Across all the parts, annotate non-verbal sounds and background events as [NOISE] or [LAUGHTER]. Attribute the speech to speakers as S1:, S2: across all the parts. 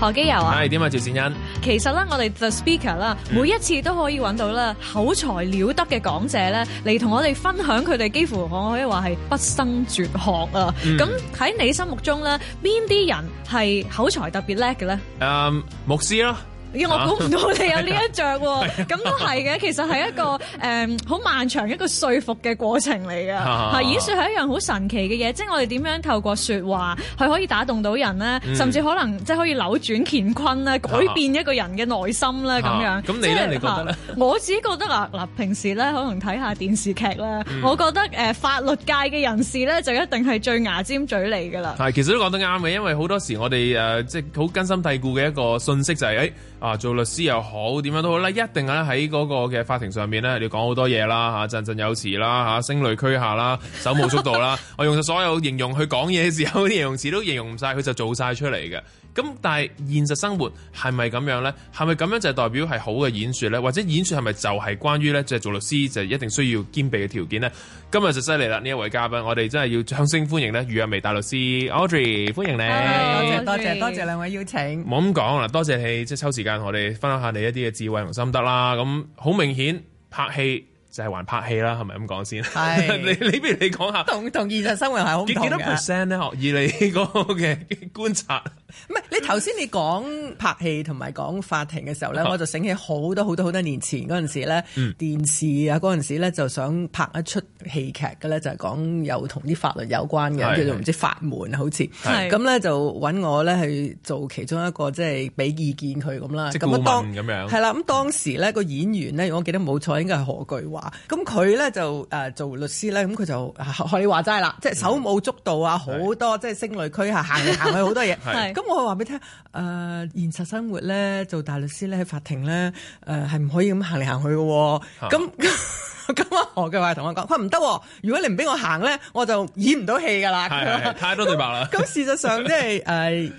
S1: 何基佑
S2: 啊？係點啊？趙善恩，
S1: 其實咧，我哋 the speaker 啦，每一次都可以揾到啦，口才了得嘅講者咧，嚟同我哋分享佢哋幾乎可以話係不生絕學啊。咁喺、嗯、你心目中咧，邊啲人係口才特別叻嘅咧？
S2: 誒，um, 牧師啦。我估唔到你有呢一
S1: 著喎，咁都係嘅。其實係一個誒好漫長一個說服嘅過程嚟嘅，係演説係一樣好神奇嘅嘢，即係我哋點樣透過説話，係可以打動到人呢？甚至可能即係可以扭轉乾坤啦，改變一個人嘅內心啦咁樣。咁你咧，你覺得咧？我自己覺得啊嗱，平時咧可能睇下電視劇咧，我覺得誒法律界嘅人士咧就一定係最牙尖嘴利㗎啦。
S2: 係，其實都講得啱嘅，因為好多時我哋誒即係好根深蒂固嘅一個訊息就係誒。啊，做律師又好，點樣都好啦，一定咧喺嗰個嘅法庭上面咧，你要講好多嘢啦，嚇，振振有詞啦，嚇，聲淚俱下啦，手舞足蹈啦， [LAUGHS] 我用曬所有形容去講嘢嘅時候，啲形容詞都形容唔晒，佢就做晒出嚟嘅。咁但係現實生活係咪咁樣咧？係咪咁樣就代表係好嘅演說咧？或者演說係咪就係關於咧？即係做律師就一定需要兼備嘅條件咧？今日就犀利啦！呢一位嘉賓，我哋真係要掌聲歡迎咧！余若薇大律師 Audrey，歡迎你！Hello, 多謝 Audrey. 多謝多謝兩位邀請。唔好咁講啦，多謝你即係抽時間，我哋分享下你一啲嘅智慧同心得啦。咁好明顯，拍戲就係還拍戲啦，係咪咁講先？係是 [LAUGHS] 你你譬如你講下，同同現實生活係好唔同嘅。幾多 percent 咧？以你嗰個嘅觀察。
S3: 唔係你頭先你講拍戲同埋講法庭嘅時候咧，啊、我就醒起好多好多好多年前嗰陣時咧，嗯、電視啊嗰陣時咧就想拍一出戲劇嘅咧，就係、是、講有同啲法律有關嘅是叫做唔知法門好似，咁咧是就揾我咧去做其中一個即係俾意見佢咁啦。即顧問咁樣。係啦，咁當時咧個演員咧，如果我記得冇錯應該係何鈺華，咁佢咧就誒、呃、做律師咧，咁佢就可以話齋係啦，即係手舞足蹈啊，好多是即係聲淚俱下，行嚟行去好多嘢。 [LAUGHS] 咁我話俾你聽，誒、呃，現實生活咧做大律師咧喺法庭咧，誒係唔可以咁行嚟行去
S2: 嘅。
S3: 咁咁何基佑同我講，佢唔得，如果你唔俾我行咧，我就演唔到戲噶啦。太
S2: 多對白啦。咁 [LAUGHS]
S3: 事實上即係誒，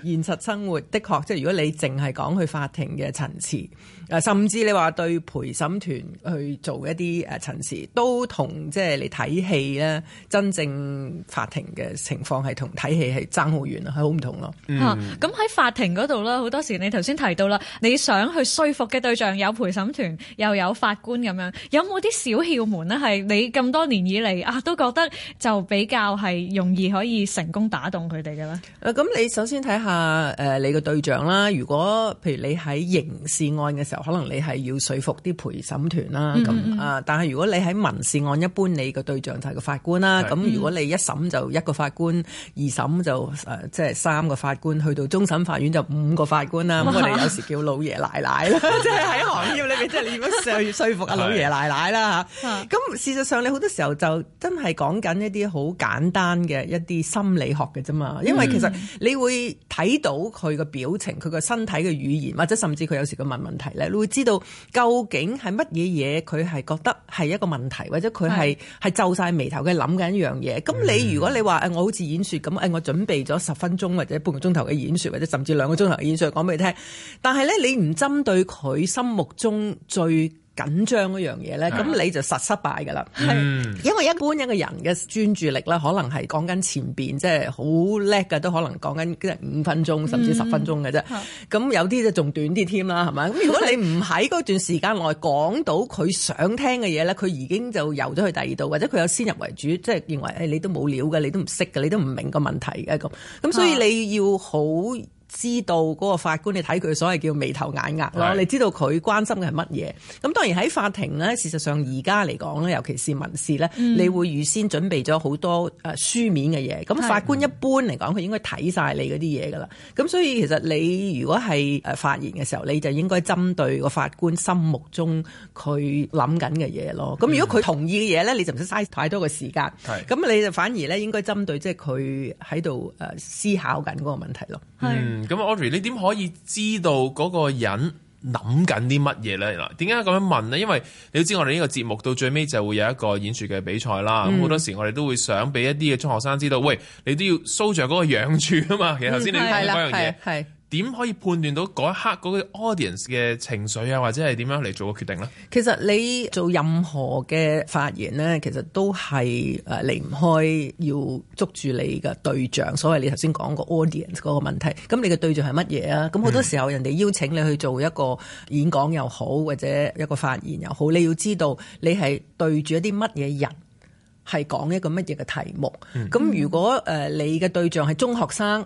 S3: 現實生活的確，即係如果你淨係講去法庭嘅層次。甚至你話對陪審團去做一啲誒陳詞，都同即係你睇戲咧，真正法庭嘅情況係同睇戲係爭好遠咯，係好唔同咯。
S1: 咁喺、啊、法庭嗰度啦，好多時你頭先提到啦，你想去說服嘅對象有陪審團又有法官咁樣，有冇啲小竅門呢？係你咁多年以嚟啊，都覺得就比較係容易可以成功打動佢哋嘅咧？
S3: 誒、啊，咁你首先睇下誒、呃、你嘅對象啦。如果譬如你喺刑事案嘅時候，可能你係要說服啲陪審團啦，咁啊、嗯嗯，但係如果你喺民事案一般，你個對象就係個法官啦。咁是如果你一審就一個法官，是二審就誒、呃、即係三個法官，去到終審法院就五個法官啦。咁我哋有時叫老爺奶奶啦， [LAUGHS] 即係喺行業裏面即係 [LAUGHS] 你乜時候要說服阿老爺奶奶啦？咁是、啊、事實上你好多時候就真係講緊一啲好簡單嘅一啲心理學嘅啫嘛，因為其實你會睇到佢個表情、佢個身體嘅語言，或者甚至佢有時佢問問題都會知道究竟係乜嘢嘢，佢係覺得係一個問題，或者佢係係皺晒眉頭嘅諗緊一樣嘢。咁、嗯、你如果你話誒，我好似演說咁，誒，我準備咗十分鐘或者半個鐘頭嘅演說，或者甚至兩個鐘頭嘅演說講俾你聽，但係咧，你唔針對佢心目中最。緊張嗰樣嘢呢，咁、啊、你就實失敗噶啦，啊、因為一般一個人嘅專注力呢，可能係講緊前邊，即係好叻嘅都可能講緊即係五分鐘甚至十分鐘嘅啫。咁、嗯啊、有啲就仲短啲添啦，係咪？咁如果你唔喺嗰段時間內講到佢想聽嘅嘢呢，佢已經就遊咗去第二度，或者佢有先入為主，即係認為誒你都冇料嘅，你都唔識嘅，你都唔明個問題嘅咁。咁所以你要好知道嗰個法官，你睇佢所謂叫眉頭眼額咯，的你知道佢關心嘅係乜嘢？咁當然喺法庭咧，事實上而家嚟講咧，尤其是民事咧，嗯、你會預先準備咗好多誒書面嘅嘢。咁法官一般嚟講，佢應該睇晒你嗰啲嘢㗎啦。咁所以其實你如果係誒發言嘅時候，你就應該針對個法官心目中佢諗緊嘅嘢咯。咁如果佢同意嘅嘢咧，你就唔使嘥太多嘅時間。咁的，你就反而咧應該針對即係佢喺度誒思考緊嗰個問題咯。係的。嗯
S2: 咁，Audrey，你點可以知道嗰個人諗緊啲乜嘢咧？嗱，點解咁樣問咧？因為你都知我哋呢個節目到最尾就會有一個演說嘅比賽啦。咁好、嗯、多時我哋都會想俾一啲嘅中學生知道，喂，你都要 show 著嗰個樣住啊嘛。其實頭先你講嗰樣嘢。嗯點可以判斷到嗰一刻嗰個 audience 嘅情緒啊，或者係點樣嚟做個決定呢？
S3: 其實你做任何嘅發言呢，其實都係誒離唔開要捉住你嘅對象。所謂你頭先講個 audience 嗰個問題，咁你嘅對象係乜嘢啊？咁好多時候人哋邀請你去做一個演講又好，或者一個發言又好，你要知道你係對住一啲乜嘢人，係講一個乜嘢嘅題目。咁如果誒你嘅對象係中學生。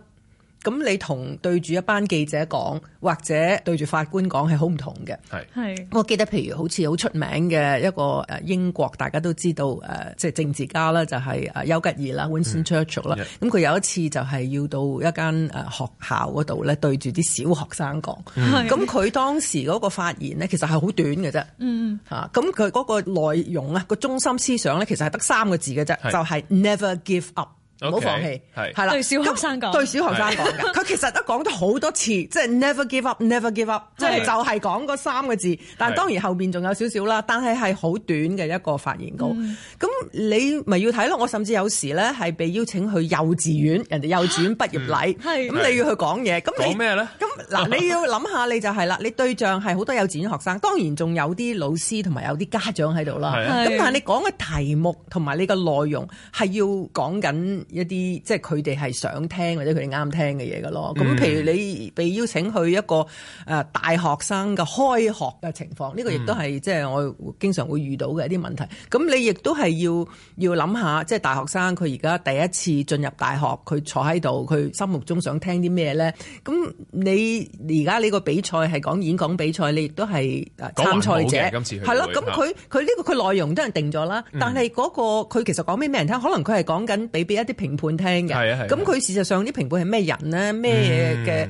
S3: 咁你同對住一班記者講，或者對住法官講係好唔同嘅。係係，我記得譬如好似好出名嘅一個誒英國大家都知道誒，即係政治家啦，就係誒丘吉爾啦 Winston Churchill 啦。係。咁佢有一次就係要到一間誒學校嗰度咧，對住啲小學生講。係。咁佢當時嗰個發言呢，其實係好短嘅啫。嗯，嚇，啊，咁佢嗰個內容啊，個中心思想咧，其實係得三個字嘅啫，就係 Never give up。
S2: 唔好放棄，係係
S3: 啦，對小學生講，對小學生講嘅，佢其實都講咗好多次，即係 never give up，never give up，即係就係講嗰三個字，但係當然後邊仲有少少啦，但係係好短嘅一個發言稿，咁你咪要睇咯。我甚至有時咧，係被邀請去幼稚園，人哋幼稚園畢業禮，係咁你要去講嘢，咁你講咩咧？咁嗱，你要諗下你就係啦，你對象係好多幼稚園學生，當然仲有啲老師同埋有啲家長喺度啦，咁但係你講嘅題目同埋你個內容係要講緊。一啲即係佢哋係想聽或者佢哋啱聽嘅嘢嘅咯。咁、嗯、譬如你被邀請去一個誒、呃、大學生嘅開學嘅情況呢、這個亦都係即係我經常會遇到嘅一啲問題，咁你亦都係要要諗下，即係大學生佢而家第一次進入大學佢坐喺度，佢心目中想聽啲咩咧？咁你而家呢個比賽係講演講比賽，你亦都係誒參賽者，係咯？咁佢佢呢個佢內容都係定咗啦，但係、嗰個佢其實講俾咩人聽，可能佢係講緊俾俾一啲。評判聽嘅，咁佢、啊、事實上啲評判係咩人咧？咩嘅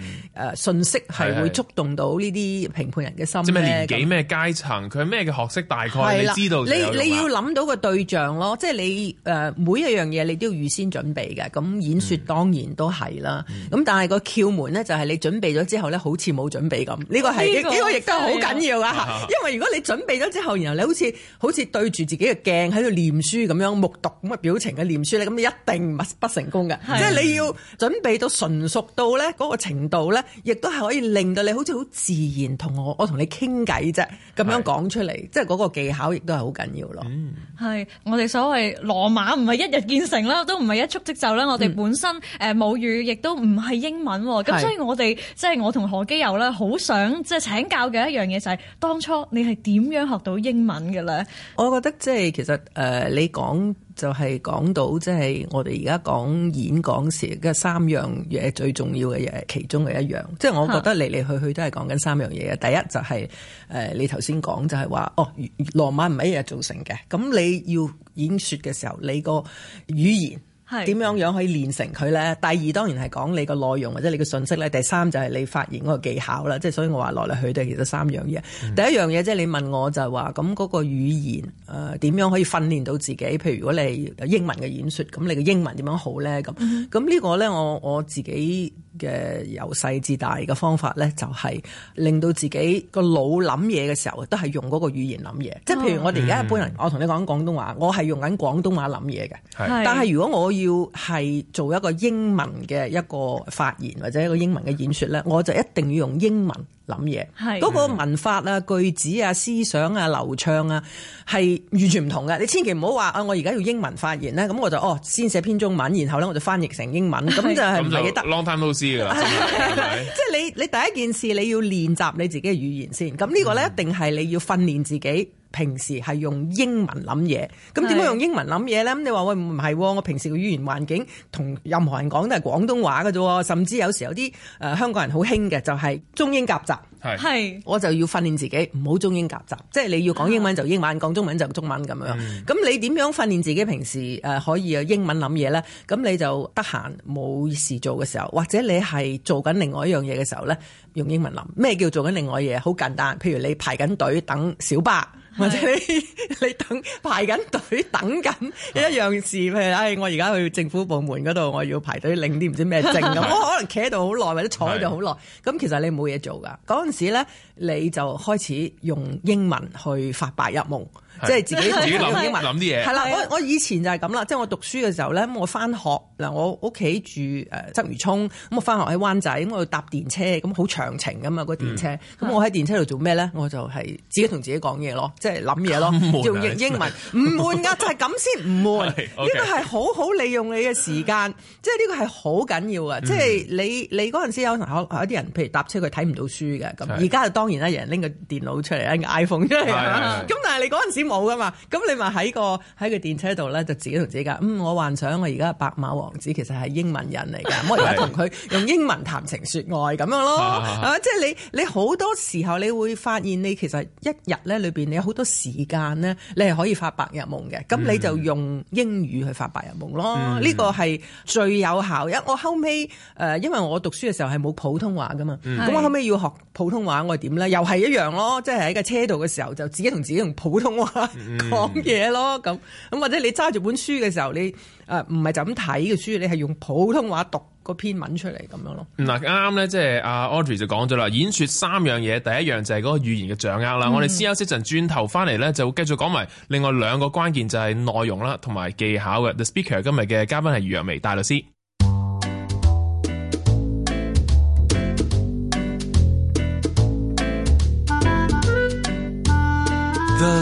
S3: 誒信息，係會觸動到呢啲評判人嘅心？即係咩年紀、
S2: 咩階層，佢係咩嘅學識？大概、啊、你知道你你要
S3: 諗到個對象咯，即係你誒、呃、每一樣嘢你都要預先準備嘅。咁演說當然都係啦，咁、嗯、但係個竅門咧就係、是、你準備咗之後咧，好似冇準備咁。呢、這個係呢個亦都好緊要噶、啊，啊、因為如果你準備咗之後，然後你好似好似對住自己嘅鏡喺度念書咁樣木獨咁嘅表情嘅念書你咁你一定。不成功嘅。是即係你要準備到純熟到咧嗰個程度咧，亦都係可以令到你好似好自然同我我同你傾偈啫，咁樣講出嚟，是即係嗰個技巧亦都係好緊要咯。
S1: 係、嗯、我哋所謂羅馬唔係一日建成啦，都唔係一蹴即就啦。我哋本身誒、嗯呃、母語亦都唔係英文，咁所以我哋是即係我同何基友咧，好想即係請教嘅一樣嘢就係、是、當初你係點樣學到英文嘅咧？
S3: 我覺得即係其實誒，你講。就係講到即係、就是、我哋而家講演講時嘅三樣嘢最重要嘅嘢，其中嘅一樣，即、就、係、是、我覺得嚟嚟去去都係講緊三樣嘢嘅。第一就係、是、誒、呃，你頭先講就係話哦，羅馬唔係一日造成嘅。咁你要演説嘅時候，你個語言。係點樣樣可以練成佢咧？第二當然係講你個內容或者你嘅信息咧。第三就係、是、你發言嗰個技巧啦。即係所以我話落嚟去都其實都三樣嘢。嗯、第一樣嘢即係你問我就係話咁嗰個語言誒點、呃、樣可以訓練到自己？譬如如果你英文嘅演説，咁你嘅英文點樣好咧？咁咁、嗯、呢個咧，我我自己嘅由細至大嘅方法咧，就係、是、令到自己個腦諗嘢嘅時候都係用嗰個語言諗嘢。啊、即係譬如我哋而家一般人，嗯、我同你講廣東話，我係用緊廣東話諗嘢嘅。的是但係如果我要係做一個英文嘅一個發言或者一個英文嘅演說咧，我就一定要用英文諗嘢。係嗰個文法啊、句子啊、思想啊、流暢啊，係完全唔同嘅。你千祈唔好話啊，我而家要英文發言咧，咁我就哦先寫篇中文，然後咧我就翻譯成英文，咁的就係唔得。
S2: Long time no see 㗎喇！即係
S3: [LAUGHS] 就是、你你第一件事你要練習你自己嘅語言先，咁呢個咧一定係你要訓練自己。嗯平時係用英文諗嘢，咁點解用英文諗嘢咧？咁是的 你話喂唔係，我平時嘅語言環境同任何人講都係廣東話嘅啫，甚至有時有啲誒、呃、香港人好興嘅就係、係、中英夾雜。係，是我就要訓練自己唔好中英夾雜，即係你要講英文就英文，Yeah. 講中文就中文咁樣。咁、mm. 你點樣訓練自己平時誒可以用英文諗嘢咧？咁你就得閒冇事做嘅時候，或者你係做緊另外一樣嘢嘅時候咧，用英文諗。咩叫做做緊另外嘢？好簡單，譬如你排緊隊等小巴，是或者你你等排緊隊等緊一樣事，譬如、哎、我而家去政府部門嗰度，我要排隊領啲唔知咩證咁， [LAUGHS] 是我可能企喺度好耐，或者坐喺度好耐。咁是其實你冇嘢做㗎嗰只咧，時你就開始用英文去發白日夢。即係自己自己諗英文諗啲嘢，係啦。我我以前就係咁啦，即係我讀書嘅時候咧，我翻學嗱，我屋企住誒鰂魚湧，咁我翻學喺灣仔，咁我搭電車，咁好長程噶嘛，個電車。咁我喺電車度做咩咧？我就係自己同自己講嘢咯，即係諗嘢咯，用英英文，唔悶噶，就係咁先唔悶。呢個係好好利用你嘅時間，即係呢個係好緊要噶。即係你你嗰陣時有有有啲人，譬如搭車佢睇唔到書嘅，咁而家就當然啦，有人拎個電腦出嚟，拎個 iPhone 出嚟。咁但係你嗰陣時。冇噶嘛？咁你咪喺個喺個電車度咧，就自己同自己講，嗯，我幻想我而家白馬王子其實係英文人嚟噶， [LAUGHS] 我而家同佢用英文談情說愛咁樣咯。 [LAUGHS] 即係你你好多時候你會發現你其實一日咧裏邊你有好多時間咧，你係可以發白日夢嘅。咁、嗯、你就用英語去發白日夢咯。呢個係最有效。因我後尾，誒、呃，因為我讀書嘅時候係冇普通話噶嘛。咁、嗯、我後尾要學普通話，我係點咧？又係一樣咯。即係喺個車度嘅時候，就自己同自己用普通話。講嘢 [LAUGHS] 咯，咁咁或者你揸住本書嘅時候，你誒唔係就咁睇嘅書，你係用普通話讀個篇文出嚟咁樣咯。
S2: 嗱啱啱咧，即係阿 Audrey 就講咗啦，演說三樣嘢，第一樣就係嗰個語言嘅掌握啦。嗯、我哋先休息陣，轉頭翻嚟咧就繼續講埋另外兩個關鍵，就係內容啦同埋技巧嘅。The speaker 今日嘅嘉賓係余若薇大律師。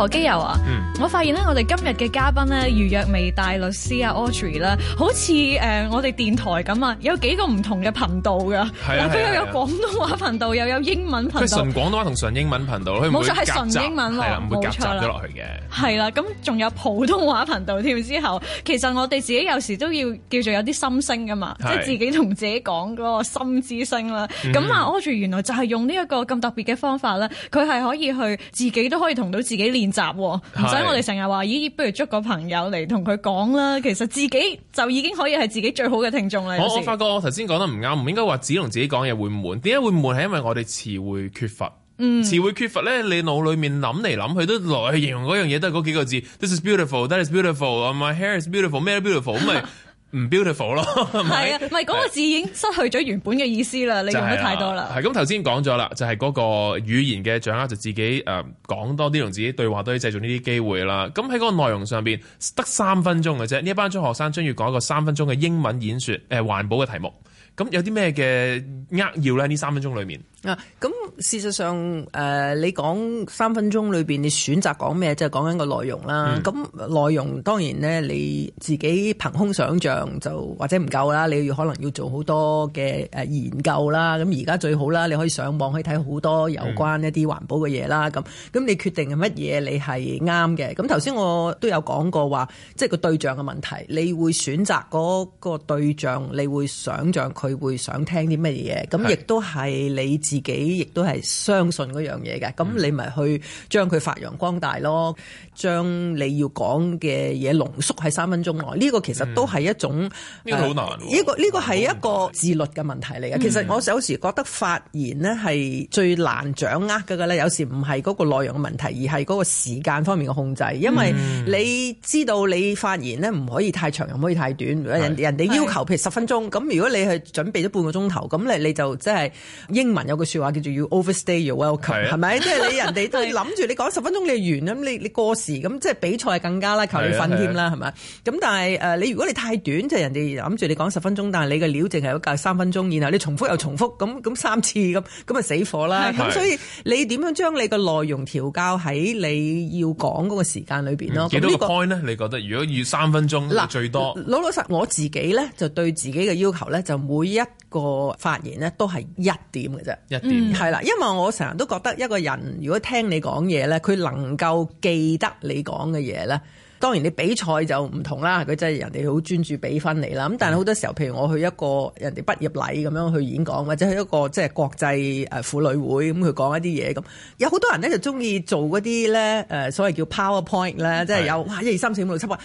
S1: 何基佑啊！嗯、我發現咧，我哋今日嘅嘉賓咧，余若薇大律師啊，Audrey 啦，好似誒、呃、我哋電台咁啊，有幾個唔同嘅頻道噶，有、啊、有廣東話頻道，又有英文頻道，純
S2: 廣東話同純英文頻道，佢冇錯係純英文喎，唔會夾咗落去嘅，係啦，冇
S1: 錯啦，咁仲有普通話頻道添，之後其實我哋自己有時都要叫做有啲心聲㗎嘛，即係自己同自己講個心之聲啦，咁啊、嗯、哼 Audrey 原來就係，用呢一個咁特別嘅方法啦，佢係可以去，自己都可以同到自己練，雜，唔使、嗯、我哋成日話，咦？不如捉個朋友嚟同佢講啦。其實自己就已經可以係自己最好嘅聽眾啦。我我發覺
S2: 我頭先講得唔啱，唔應該話只同自己講嘢會悶。點解會悶？係因為我哋詞彙缺乏。嗯，詞彙缺乏咧，你腦裏面諗嚟諗去都嚟形容嗰樣嘢，都係嗰幾個字。This is beautiful, that is beautiful, my hair is beautiful, 咩都 beautiful。 [LAUGHS] 唔 beautiful 咯，係 [LAUGHS] 是啊，
S1: 唔係嗰個字已經失去咗原本嘅意思啦， [LAUGHS] 啊、你用得太多啦。係
S2: 咁頭先講咗啦，就係、是、嗰個語言嘅掌握，就自己誒講、呃、多啲同自己對話都可以，都要製造呢啲機會啦。咁喺嗰個內容上邊得三分鐘嘅啫，呢一班中學生將要講一個三分鐘嘅英文演說，誒、呃、環保嘅題目。咁有啲咩嘅扼要咧？呢三分鐘裏面。
S3: 啊，咁事實上，誒、呃，你講三分鐘裏邊，你選擇講咩，即就講緊個內容啦。咁、嗯、內容當然咧，你自己憑空想像就或者唔夠啦。你要可能要做好多嘅誒研究啦。咁而家最好啦，你可以上網去睇好多有關一啲環保嘅嘢啦。咁咁、嗯、你決定係乜嘢，你係啱嘅。咁頭先我都有講過話，即係個對象嘅問題，你會選擇嗰個對象，你會想像佢會想聽啲乜嘢。咁亦都係你，自己亦都係相信嗰樣嘢嘅，咁你咪去將佢發揚光大咯，將你要講嘅嘢濃縮喺三分鐘內，呢個其實都係一種呢、嗯這個好難呢、啊呃這個呢、這個係一個自律嘅問題嚟嘅。其實我有時覺得發言咧係最難掌握嘅㗎啦，嗯、有時唔係嗰個內容嘅問題，而係嗰個時間方面嘅控制。因為你知道你發言咧唔可以太長又唔可以太短。嗯、人人哋要求譬如十分鐘，咁如果你係準備咗半個鐘頭，咁你你就即係英文有。個說話叫做要 you overstay your welcome，係咪、啊？即係你人哋都諗住你講十分鐘你完咁，你、啊、你過時咁，即係比賽更加啦，求你瞓添啦，係咪、啊？咁但係誒，你如果你太短，就係、人哋諗住你講十分鐘，但係你嘅料淨係得三分鐘，然後你重複又重複，咁咁三次咁，咁啊死火啦！咁、啊、所以你點樣將你個內容調校喺你要講嗰、啊啊這個時間裏邊咯？幾多
S2: point 呢？你覺得如果要三分鐘，辣最多
S3: 老老實我自己咧，就對自己嘅要求咧，就每一個發言呢都係一點嘅啫，一點係啦，因為我成日都覺得一個人如果聽你講嘢呢，佢能夠記得你講嘅嘢呢，當然你比賽就唔同啦，佢真係人哋好專注俾分你啦。咁但係好多時候，譬如我去一個人哋畢業禮咁樣去演講，或者去一個即係國際誒婦女會咁去講一啲嘢咁，有好多人呢就中意做嗰啲呢誒所謂叫 PowerPoint 啦，即係有哇一二三四五六七八。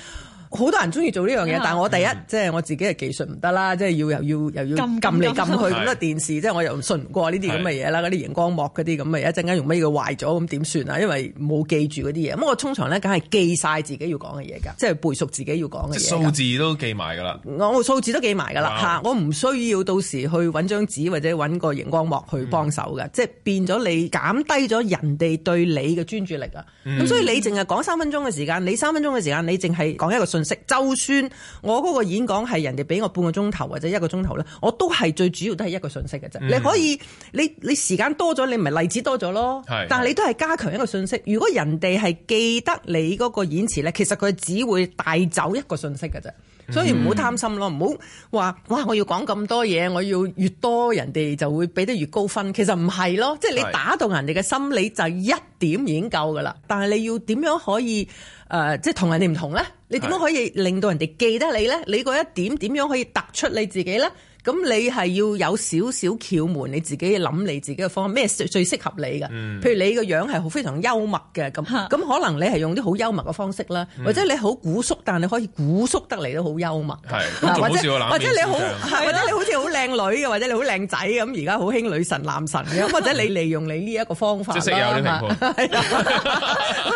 S3: 好多人中意做呢樣嘢，但係我第一、嗯、即係我自己嘅技術唔得啦，即係要又要又要撳撳嚟撳去，咁啊的電視即係我又唔信過呢啲咁嘅嘢啦，嗰啲熒光幕嗰啲咁嘅一陣間用咩嘅壞咗咁點算啊？因為冇記住嗰啲嘢，咁我通常咧梗係記晒自己要講嘅嘢噶，即係背熟自己要講嘅嘢。數字
S2: 都記埋㗎啦，
S3: 的我數字都記埋㗎啦嚇，我唔需要到時去揾張紙或者揾個熒光幕去幫手㗎，嗯、即係變咗你減低咗人哋對你嘅專注力啊。咁、嗯、所以你淨係講三分鐘嘅時間，你三分鐘嘅時間，你淨係講一個信。就算我嗰個演講係人哋俾我半個鐘頭或者一個鐘頭咧，我都係最主要都係一個信息嘅啫。嗯、你可以，你你時間多咗，你咪例子多咗咯。但係你都係加強一個信息。如果人哋係記得你嗰個演詞咧，其實佢只會帶走一個信息嘅啫。所以唔好貪心咯，唔好話哇！我要講咁多嘢，我要越多，人哋就會俾得越高分。其實唔係咯，即係你打到人哋嘅心理，你就一點已經夠噶啦。但係你要點樣可以誒、呃，即係同人哋唔同咧？你點樣可以令到人哋記得你咧？你嗰一點點樣可以突出你自己咧？咁你係要有少少竅門，你自己諗你自己嘅方法咩最適合你嘅。嗯，譬如你個樣係好非常幽默嘅，咁咁可能你係用啲好幽默嘅方式啦，或者你好古縮，但係你可以古縮得嚟都好幽默。係，或者或者你好，或者你好似好靚女嘅，或者你好靚仔咁。而家好興女神男神咁，或者你利用你呢一個方法，即係有啲
S2: 平衡，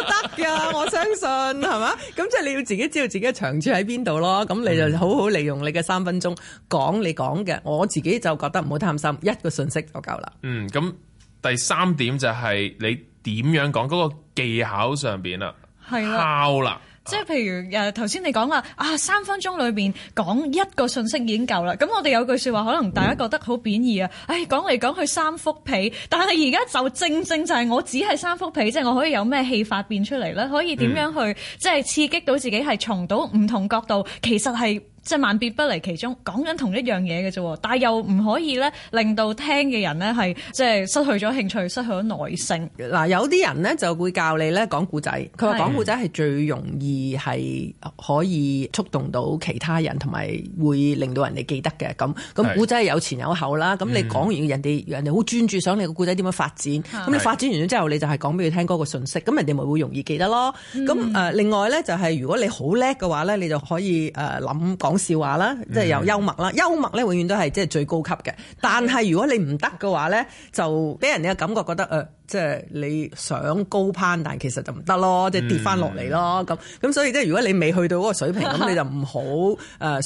S2: 得㗎，
S3: 我相信係嘛？咁即係你要自己知道自己嘅長處喺邊度咯。咁你就好好利用你嘅三分鐘講你講。我自己就覺得唔好貪心，一個
S1: 信息就夠
S3: 啦。
S2: 嗯，咁第三點就係你點樣講嗰、那個技巧上邊啦、啊，係啦的，啦，
S1: are 即係譬如誒，頭、呃、先你講啦，啊，三分鐘裏邊講一個信息已經夠啦。咁我哋有句說話，可能大家覺得好貶義啊，誒、嗯，講嚟講去三幅被，但係而家就正正就係我只係三幅被，即、就、係、是、我可以有咩戲法變出嚟咧？可以點樣去即係、嗯、刺激到自己係從到唔同角度，其實係。即係萬變不離其中，講緊同一樣嘢嘅啫，但係又唔可以咧令到聽嘅人咧係即係失去咗興趣，失去咗耐性。
S3: 嗱、呃，有啲人咧就會教你咧講故仔，佢話講故仔係最容易係可以觸動到其他人，同埋會令到人哋記得嘅。咁咁故仔係有前有後啦，咁你講完人哋、嗯、人哋好專注想你個故仔點樣發展，咁的你發展完咗之後，你就係講俾佢聽嗰個訊息，咁人哋咪會容易記得咯。咁誒、呃，另外咧就係如果你好叻嘅話咧，你就可以誒諗、呃、講。講嗯、笑話啦，即、就、係、是、有幽默啦，幽默咧永遠都係即係最高級嘅。但係如果你唔得嘅話咧，就俾人嘅感覺覺得誒，即、呃、係、就是、你想高攀，但其實就唔得咯，即、就、係、是、跌翻落嚟咯。咁咁、嗯、所以即係如果你未去到嗰個水平，咁 [LAUGHS] 你就唔好誒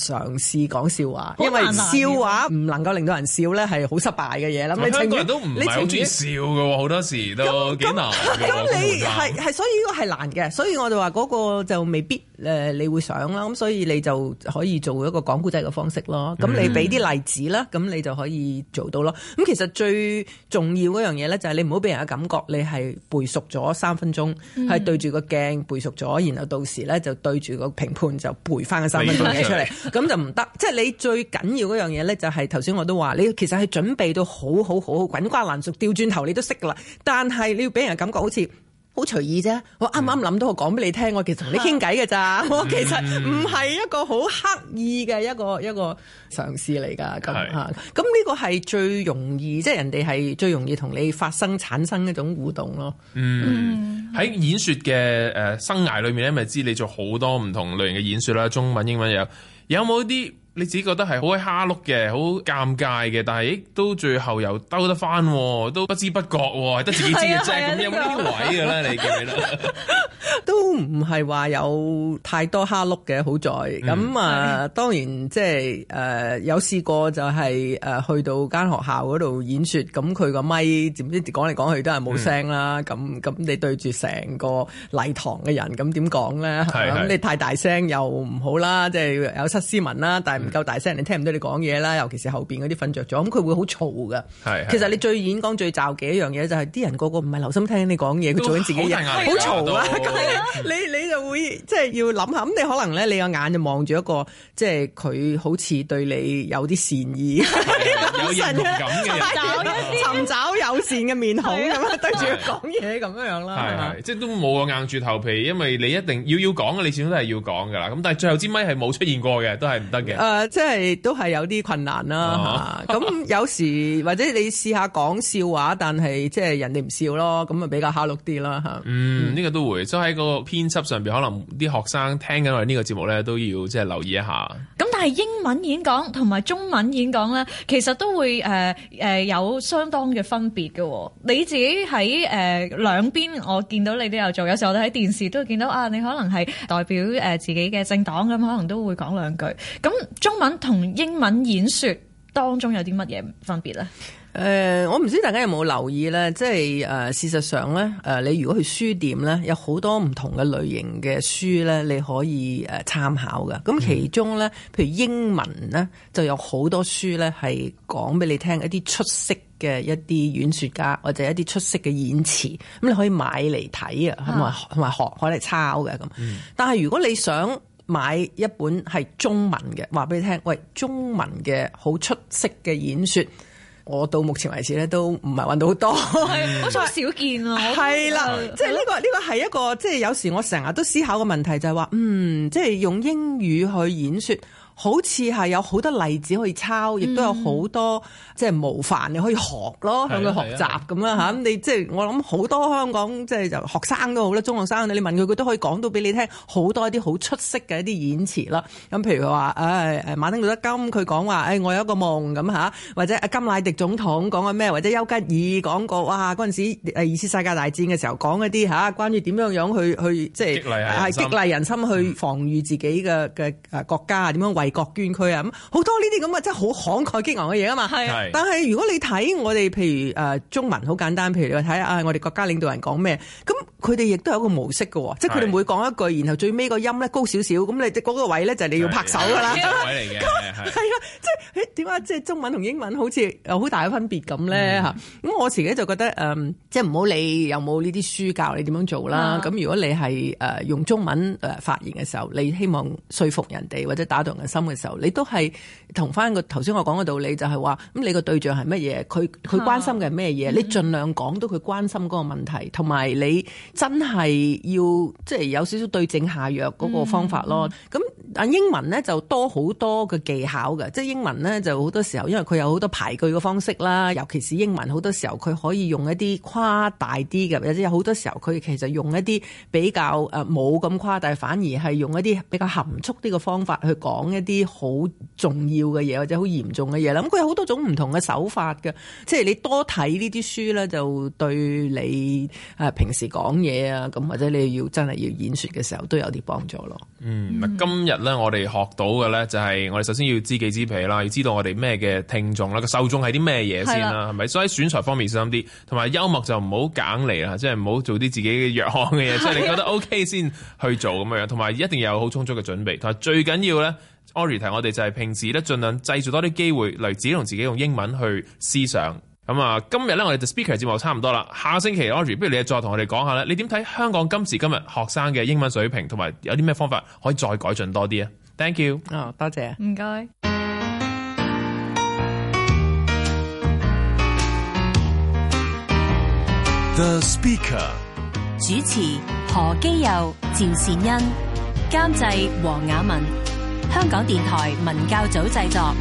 S3: 嘗試講笑話，因為笑話唔能夠令到人笑咧，係好失敗嘅嘢啦。嗯、你香港人都唔係好中意笑
S2: 嘅，好那多時都幾難。咁那那你係
S3: 係那你所以呢個係難嘅，所以我就話嗰個就未必。誒，你會想啦，咁所以你就可以做一個講古仔嘅方式咯。咁、嗯、哼你俾啲例子啦，咁你就可以做到咯。咁其實最重要嗰樣嘢咧，就係你唔好俾人嘅感覺，你係背熟咗三分鐘，係、嗯、對住個鏡背熟咗，然後到時咧就對住個評判就背翻三分鐘嘢出嚟，咁對就唔得。即係你最緊要嗰樣嘢咧，就係頭先我都話，你其實係準備到好好好好滾瓜爛熟，掉轉頭你都識噶啦。但係你要俾人嘅感覺好似。好隨意啫，我啱啱諗到我講俾你聽，嗯、我其實同你傾偈噶咋，嗯、我其實唔係一個好刻意嘅一個一個嘗試嚟噶咁吓，咁呢是個係最容易，即係人哋係最容易同你發生產生一種互動咯。嗯，
S2: 喺、嗯、演說嘅誒生涯裏面咧，咪知你做好多唔同類型嘅演說啦，中文、英文有有冇啲？你自己覺得係好喺蝦碌嘅，好尷尬嘅，但係亦都最後又兜得返，都不知不覺喎，係得自己知嘅啫。咁有冇呢個位嘅咧？你記啦，
S3: 都唔係話有太多蝦碌嘅，好在咁啊。當然即係誒有試過就係誒去到間學校嗰度演説，咁佢個咪點知講嚟講去都係冇聲啦。咁咁你對住成個禮堂嘅人，咁點講咧？咁你太大聲又唔好啦，即係有失斯文啦。但係唔夠大聲，你聽唔到你講嘢啦。尤其是後邊嗰啲瞓着咗，咁佢會好嘈噶。其實你最演講最忌嘅一樣嘢就係啲人個個唔係留心聽你講嘢，佢做緊自己嘢，好嘈啊！你你就會即係要諗下。咁你可能咧，你個眼就望住一個即係佢好似對你有啲善意，有神感尋找友善嘅面孔咁樣對住佢講
S2: 嘢咁樣樣啦。即係都冇個硬住頭皮，因為你一定要要講嘅，你始終都係要講噶啦。咁但係最後支咪係冇出現過嘅，都係唔得嘅。
S3: 誒，即係都係有啲困難啦，吓，咁有時或者你試下講笑話，但係即係人哋唔笑咯，咁啊比較下落啲啦，吓、like。嗯、
S2: 呢、這個都會，所以喺個編輯上邊，可能啲學生聽緊我哋呢個節目咧，都要即係留意一下。
S1: 咁、嗯、但係英文演講同埋中文演講咧，其實都會誒誒、呃呃、有相當嘅分別嘅、哦。你自己喺誒、呃、兩邊，我見到你都有做，有時候我哋喺電視都會見到啊，你可能係代表誒自己嘅政黨咁，可能都會講兩句咁。中文同英文演說當中有啲乜嘢分別咧？
S3: 誒、呃，我唔知大家有冇留意咧，即係誒、呃，事實上咧，誒、呃，你如果去書店咧，有好多唔同嘅類型嘅書咧，你可以誒參、呃、考嘅。咁其中咧，譬如英文咧，就有好多書咧係講俾你聽一啲出色嘅一啲演說家或者一啲出色嘅演詞，咁你可以買嚟睇啊，同埋同埋學可以嚟抄嘅咁。嗯、但係如果你想。買一本係中文嘅，話俾你聽。喂，中文嘅好出色嘅演說，我到目前為止咧都唔係揾到好多
S1: [LAUGHS] 好少見咯。係 [NOISE] 啦，即係呢個
S3: 呢個係一個，即係有時我成日都思考嘅問題，就係話，嗯，即係用英語去演說。好似係有好多例子可以抄，亦都有好多、嗯、即係模範你可以學咯，向佢學習咁的樣吓，的你即係我諗好多香港即係就學生都好啦，中學生你問佢，佢都可以講到俾你聽好多一啲好出色嘅一啲演辭啦。咁、啊、譬如話誒誒馬丁路德金佢講話誒我有一個夢，咁吓，或者阿甘迺迪總統講嘅咩，或者丘吉爾講過哇，陣時誒二次世界大戰嘅時候講一啲吓，關於點樣樣去去即係激勵人、啊、人心去防禦自己嘅嘅誒國家啊，點樣。係國捐區啊，咁好多呢啲咁啊，真係好慷慨激昂嘅嘢啊嘛。係是，但係如果你睇我哋，譬如誒、呃、中文好簡單，譬如你話睇下啊、哎，我哋國家領導人講咩，咁佢哋亦都有一個模式嘅。是即係佢哋每講一句，然後最尾個音咧高少少，咁你嗰個位咧就係你要拍手噶啦。位係啊，即係誒，點解即係中文同英文好似有好大嘅分別咁咧？吓、嗯、咁、嗯嗯、我自己就覺得誒、嗯，即係唔好理有冇呢啲書教你點樣做啦。咁、啊、如果你係誒用中文誒發言嘅時候，你希望說服人哋或者打動人。心嘅時候，你都係同翻個頭先我講嘅道理就，就係話，咁你個對象係乜嘢，佢佢關心嘅係咩嘢，你盡量講到佢關心個問題同埋你真係要即係有少少對症下藥個方法咯。咁啊英文咧就多好多嘅技巧嘅，即係英文咧就好多時候，因為佢有好多排句嘅方式啦，尤其是英文好多時候佢可以用一啲誇大啲嘅，或者有好多時候佢其實用一啲比較誒冇咁誇大，反而係用一啲比較含蓄啲嘅方法去講一。啲好重要嘅嘢，或者好嚴重嘅嘢啦，咁佢有好多種唔同嘅手法嘅，即係你多睇呢啲書咧，就對你啊平時講嘢啊，咁或者你要真係要演說嘅時候都有啲幫助咯。嗯，
S2: 嗱，今日咧我哋學到嘅咧就係我哋首先要知己知彼啦，要知道我哋咩嘅聽眾啦，個受眾係啲咩嘢先啦，係咪的？所以選材方面小心啲，同埋幽默就唔好揀嚟啦，即係唔好做啲自己嘅弱項嘅嘢，即係的你覺得 OK 先去做咁樣，同埋一定要有好充足嘅準備。同埋最緊要咧。Audrey 提，我哋就係平時咧盡量製造多啲機會嚟自己同自己用英文去思想。咁啊，今日咧我哋嘅 speaker 節目差唔多啦。下星期 Audrey，不如你再同我哋講下咧，你點睇香港今時今日學生嘅英文水平，同埋有啲咩方法可以再改進多啲啊？Thank you。啊、哦，多謝，唔該謝。The speaker
S1: 主持何基佑、趙善恩，監製黃雅文。香港電台文教組製作。